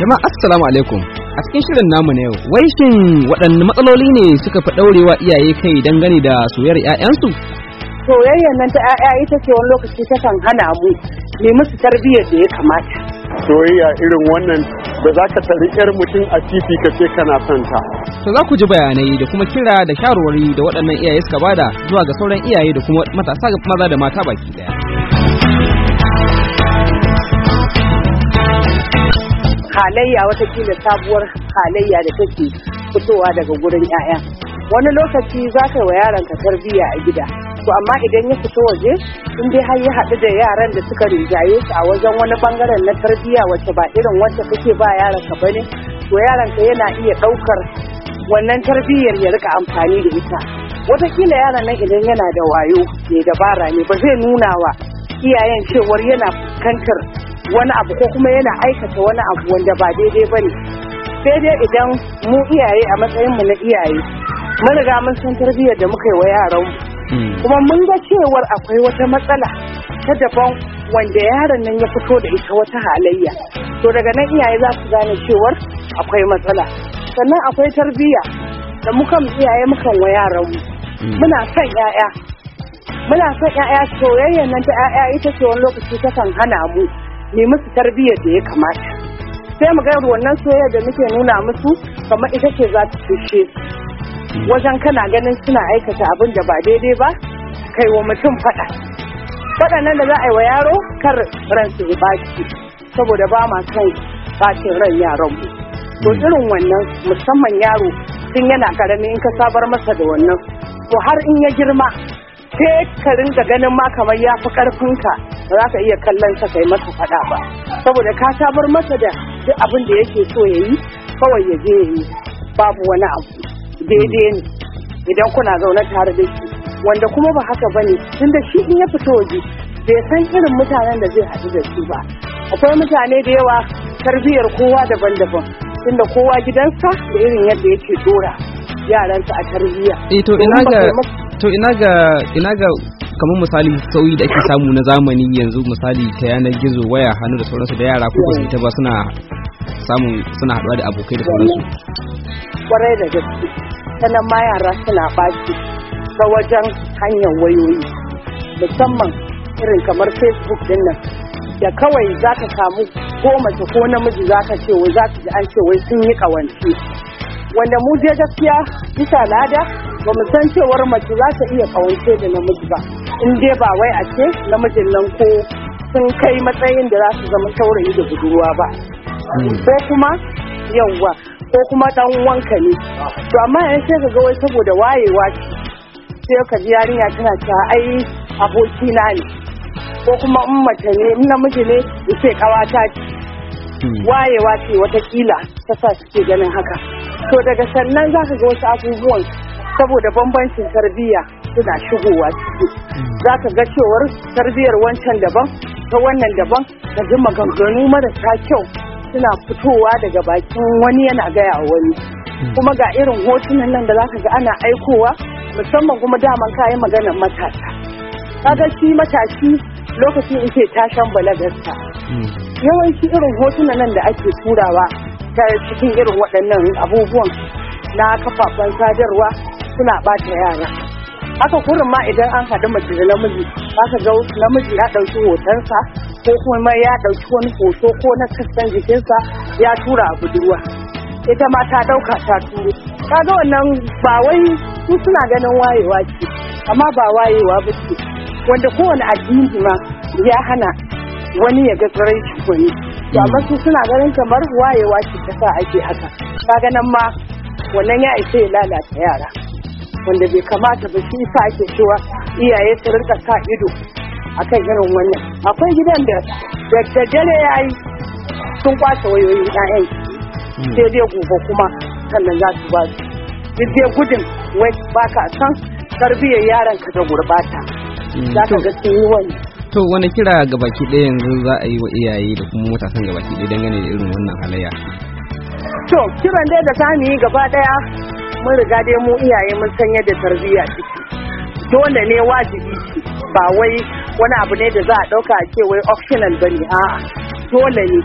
Jama'a assalamu alaikum. A cikin shirin namu na yau, wai shin waɗanne matsaloli ne suka fi ɗaurewa iyaye kai dangane da soyayyar 'ya'yansu? Soyayyar nan ta 'ya'ya ita ce wani lokaci ta kan hana mu ne musu tarbiyyar da ya kamata. Soyayya irin wannan da za ka tari 'yar mutum a titi ka ce kana son ta. To za ku ji bayanai da kuma kira da shawarwari da waɗannan iyaye suka bada zuwa ga sauran iyaye da kuma matasa maza da mata baki ɗaya. halayya watakila sabuwar halayya da take fitowa daga gurin 'ya'ya wani lokaci za ka wa yaron ka tarbiyya a gida to amma idan ya fito waje in dai har ya haɗu da yaran da suka rinjaye su a wajen wani bangaren na tarbiyya wacce ba irin wacce kake ba yaron ka bane to yaron ka yana iya ɗaukar wannan tarbiyyar ya rika amfani da ita watakila yaran nan idan yana da wayo mai dabara ne ba zai nuna wa iyayen cewar yana fuskantar wani abu ko kuma yana aikata wani abu wanda ba daidai ba ne sai dai idan mu iyaye a matsayin mu na iyaye mun riga mun san tarbiyyar da muka yi wa yaran mu hmm. kuma mun ga cewar akwai wata matsala ta daban wanda yaron nan ya fito da ita wata halayya to daga nan iyaye za su gane cewar akwai matsala sannan akwai tarbiyya da mukan iyaye mukan wa yaran mu hmm. muna son 'ya'ya muna son 'ya'ya soyayyar nan ta 'ya'ya ita ce wani lokaci takan hana mu ne musu tarbiyyar da ya kamata sai mu ga wannan soyayya da muke nuna musu kamar ita ce za ta cece wajen kana ganin suna aikata abin da ba daidai ba kai wa mutum faɗa faɗannan da za a yi wa yaro kar ransu ya baki saboda ba ma kai bakin ran yaron mu to hmm. irin wannan musamman yaro tun yana karami in ka sabar masa da wannan to har in ya girma sai ka ganin ma kamar ya fi karfinka ba za ka iya kallon sa kai masa faɗa ba saboda ka sabar masa da duk abin da yake so ya yi kawai ya je yi babu wani abu daidai ne idan kuna zaune tare da shi wanda kuma ba haka ba bane tunda shi in ya fito waje bai san irin mutanen da zai haɗu da su ba akwai mutane da yawa tarbiyyar kowa daban-daban tunda kowa gidansa da irin yadda yake dora yaransa a tarbiyya. Eh to ina ga to ina ga ina ga kamar misali sauyi da ake samu na zamani yanzu misali ta yanar gizo waya hannu da sauransu da yara ko su ta ba suna samun suna haɗuwa da abokai da sauransu kwarai da gaske sanan ma yara suna baki ta wajen hanyar wayoyi musamman irin kamar facebook din nan da kawai za ka samu ko mace ko namiji za ka ce wai za ka ji an ce wai sun yi ƙawance wanda mu je gaskiya bisa lada ba mu san cewar mace za ta iya kawance da namiji ba in dai ba wai a ce namijin nan ko sun kai matsayin da za su zama saurayi da budurwa ba hmm. ko kuma yawwa ko kuma dan wanka ne to amma yan sai ga wai saboda wayewa ce sai ka ji yarinya tana ta ai aboki na ne ko kuma in mace ne in namiji ne ya ce kawata hmm. ce wayewa ce watakila ta sa suke ganin haka to daga sannan za ka ga wasu abubuwan saboda bambancin tarbiyya suna shigowa ciki za ka ga cewar tarbiyyar wancan daban ta wannan daban ka ji maganganu marasa kyau suna fitowa daga bakin wani yana gaya wani kuma ga irin hotunan nan da za ka ga ana aikowa musamman kuma daman kayan maganar matasa kaga shi matashi lokacin yake tashan balagarsa yawanci irin hotunan nan da ake turawa ta cikin irin waɗannan abubuwan na kafafen sadarwa suna bata yara haka kurin ma idan an haɗu mace da namiji aka ga namiji ya ɗauki hotonsa ko kuma ya ɗauki wani hoto ko na kasan jikinsa ya tura a budurwa ita ma ta ɗauka ta turo ga wannan ba wai su suna ganin wayewa ce amma ba wayewa ba ce wanda kowane addini ma ya hana wani ya ga tsirai wani amma su suna ganin kamar wayewa ce ta sa ake haka ka nan ma wannan ya isa ya lalata yara wanda bai kamata ba shi sa ake cewa iyaye su rinka sa ido a kan irin wannan akwai gidan da da dare yayi sun kwace wayoyin ƴaƴan sai dai gobe kuma sannan za su ba su dai gudun wai baka san tarbiyyar yaran ka da gurbata mm. za ka ga sun yi wani to wani kira ga baki ɗaya yanzu za a yi wa iyaye da kuma matasan ga baki ɗaya dangane da irin wannan halayya to kiran dai da ta gaba ɗaya mun riga dai mu iyaye mun san yadda tarbiyya ciki dole ne wajibi ba wai wani abu ne da za a ɗauka a ce wai optional ba ne a'a dole ne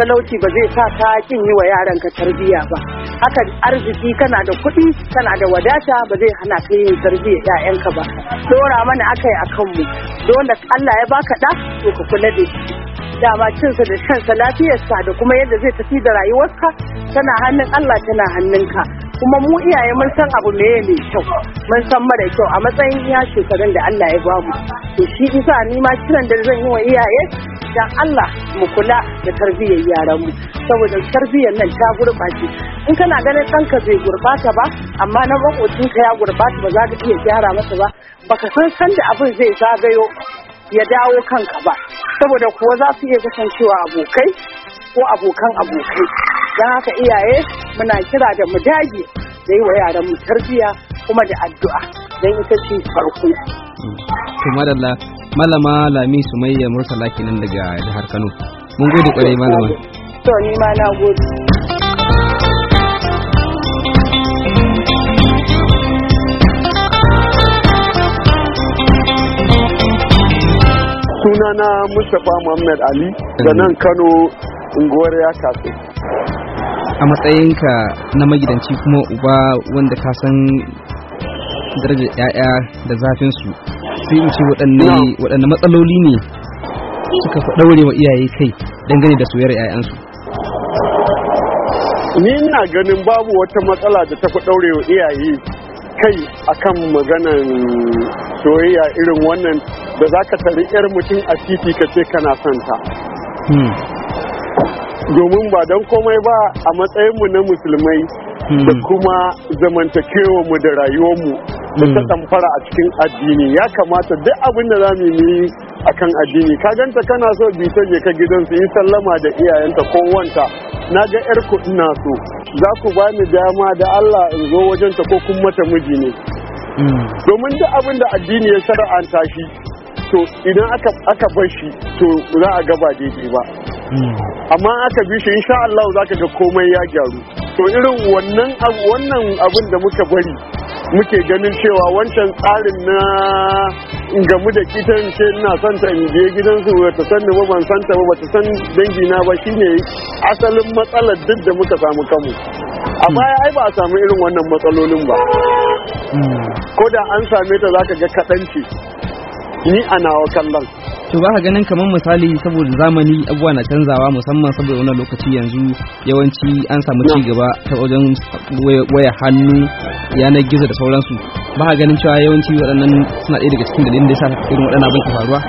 talauci ba zai sa ka kin yi wa yaran ka tarbiyya ba haka arziki kana da kuɗi kana da wadata ba zai hana ka yin tarbiyyar ka ba dora mana akai akan mu dole Allah ya baka da to ka kula da shi dama cinsa da shansa lafiyarsa da kuma yadda zai tafi da rayuwarka tana hannun Allah tana hannunka kuma mu iyaye mun san abu ne mai kyau mun san mara kyau a matsayin iya shekarun da Allah ya bamu to shi isa ni ma kiran da zan yi wa iyaye dan Allah mu kula da tarbiyyar yaran mu saboda tarbiyyar nan ta gurbace in kana ganin ɗanka bai gurbata ba amma na ka ya gurbata ba za ka iya gyara masa ba baka san san da abin zai zagayo ya dawo kanka ba saboda kuwa za su iya kasancewa abokai ko abokan abokai don haka iyaye muna kira da mu dage da yi wa yaran mu tarbiyya kuma da addu'a don ita ce farko. to madalla malama lami sumayya murtala kenan daga jihar kano mun gode kwarai malama to ni ma na gode sunana Mustapha Muhammad Ali da nan Kano ya kasu a matsayinka na magidanci kuma uba wanda ka san darajar 'ya'ya da zafin su sai in ce waɗanne matsaloli ne suka fi ɗaure wa iyaye kai dangane da soyayyar 'ya'yansu ni na ganin babu wata matsala da ta fi ɗaure wa iyaye kai akan maganan soyayya irin wannan da za ka tari 'yar mutum a titi ka ce kana son ta hmm. domin ba don komai ba a matsayinmu na musulmai hmm. da kuma zamantakewarmu da rayuwarmu da ta tamfara hmm. a cikin addini ya kamata duk abin da za mu yi a kan addini ka ganta kana so bita je ka su yi sallama da iyayenta ko wanta na ga yar ina so za ku bani dama da Allah in zo wajen wajenta ko kuma ta miji ne hmm. domin duk abin da addini ya shara'anta shi to idan aka bar shi to za a gaba daidai ba amma aka bi shi insha Allah zaka ga komai ya gyaru to irin wannan wannan abin da muka bari muke ganin cewa wancan tsarin na gamu da kitan ce ina santa in je gidansu ba ta san ba ban santa ba ta san dangi na ba shine asalin matsalar duk da muka samu kanmu a baya ai ba a samu irin wannan matsalolin ba hmm. ko da an same ta zaka ga ce ni a nawa kallon to ba ganin kamar misali saboda zamani abubuwa na canzawa musamman saboda wannan lokaci yanzu yawanci an samu ci gaba ta wajen waya hannu yanar gizo da sauransu ba ganin cewa yawanci waɗannan suna ɗaya daga cikin dalilin da ya sa irin waɗannan abin ke faruwa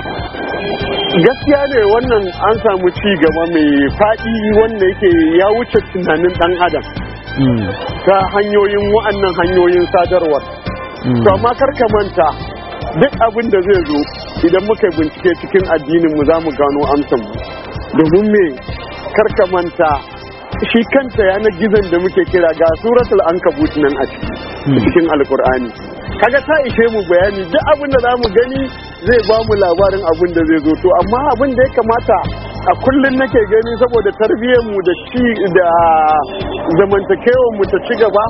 gaskiya ne wannan an samu ci gaba mai faɗi wanda yake ya wuce tunanin ɗan adam hmm. ta hanyoyin wa'annan hanyoyin sadarwar hmm. to amma kar ka manta duk abin da zai zo idan muka yi bincike cikin addinin mu za mu gano amsan mu domin me karka manta shi kanta yanar gizon da muke kira ga suratul ankabut nan a hmm. cikin alkur'ani kaga ta ishe mu bayani duk abin da za mu gani zai ba mu labarin abin da zai zo to amma abin da ya kamata a kullum nake gani saboda tarbiyyar mu da ci da mu ta ci gaba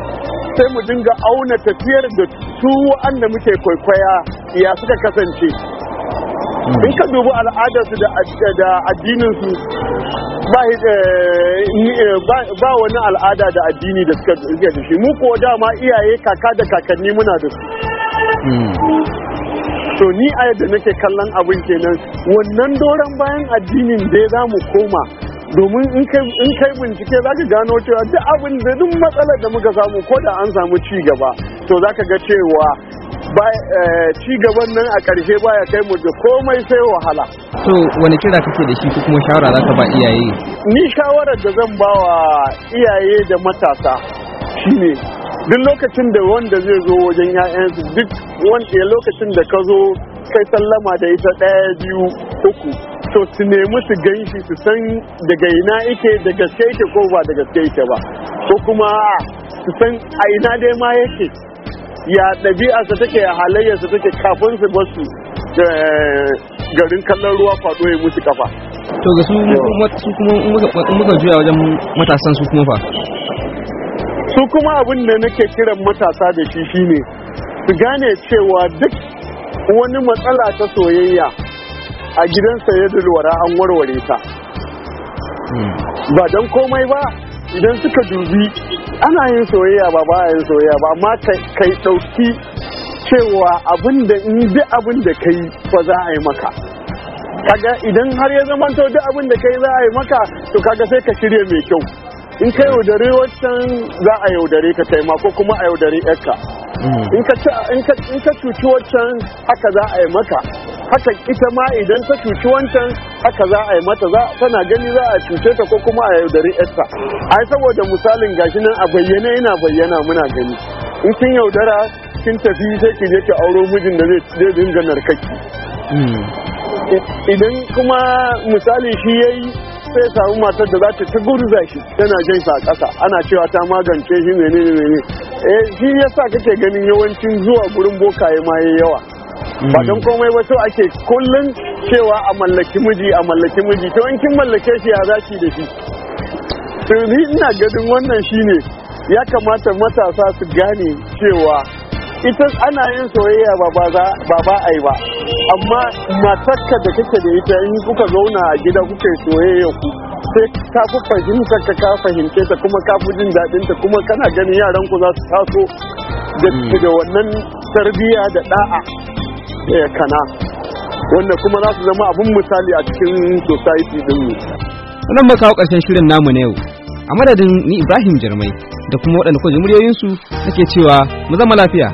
sai mu dinga auna tafiyar da su wa'anda muke kwaikwaya ya suka kasance in ka dubi al'adarsu da addininsu eh, eh, ba wani al'ada da addini da suka da shi mu ko dama iyaye kaka da kakanni muna da su hmm. to ni a yadda nake kallon abin kenan wannan doron bayan addinin da za mu koma domin in kai bincike za ka gano cewa duk abin da duk matsalar da muka samu ko da an samu ci gaba to za ka ga cewa Eh, ci gaban nan a ƙarshe baya kai mu da komai sai wahala. To wani kira kake da shi ko kuma shawara za ka ba iyaye? Ni shawarar da zan ba wa iyaye da matasa shine duk lokacin da wanda zai zo wajen 'ya'yansu duk wanda lokacin da ka zo kai sallama da ita ɗaya biyu uku to su nemi su gan shi su san daga ina yake da gaske ke ko ba da gaske ke ba ko kuma su san a ina dai ma yake ya ɗabi'arsa take ya halayyarsa take kafin su basu eh, garin kallon ruwa faɗo ya musu kafa to ga su kuma muka juya wajen matasan su kuma fa su kuma abin da nake kiran matasa da shi shine su gane cewa duk wani matsala ta soyayya a gidan da wara an warware ta hmm. ba don komai ba idan suka dubi ana yin soyayya ba ba yin soyayya ba amma kai ɗauki cewa abin da in duk abin da kai fa za a yi maka kaga idan har ya to duk abin da kai za a yi maka to kaga sai ka shirya mai kyau in ka yaudare wancan za a yaudare ka kai ko kuma a yaudare yarka mm. in ka cuci wancan haka za a yi maka haka ita ma idan ta cuci wancan haka za a yi mata za tana gani za a cuce ta ko kuma a yaudari yarta ai saboda misalin gashi nan a bayyana yana bayyana muna gani in kin yaudara kin tafi sai ki je ki auro mijin da zai dinga narkaki idan kuma misali shi yayi sai samu matar da za ta ta gurza shi tana jan sa ƙasa ana cewa ta magance shi menene menene eh shi yasa kake ganin yawancin zuwa gurin bokaye ma yayi yawa ba don komai ba so ake kullum cewa a mallaki miji a mallaki miji to in kin mallake shi ya zaki da shi to ni ina gadin wannan shine ya kamata matasa su gane cewa ita ana yin soyayya ba ba a yi ba amma matakka da kake da ita in kuka zauna a gida kuka soyayya ku sai ka fi fahimtar ka ka fahimce ta kuma ka fi jin daɗin ta kuma kana ganin yaran ku za su taso da hmm. wannan tarbiyya da da'a Eh, kana wanda kuma za su zama abin misali a cikin society din mu. Wannan ba kawo ƙarshen shirin namu na yau. A madadin ni Ibrahim Jarmai da kuma waɗanda kwa muryoyinsu nake cewa mu zama lafiya.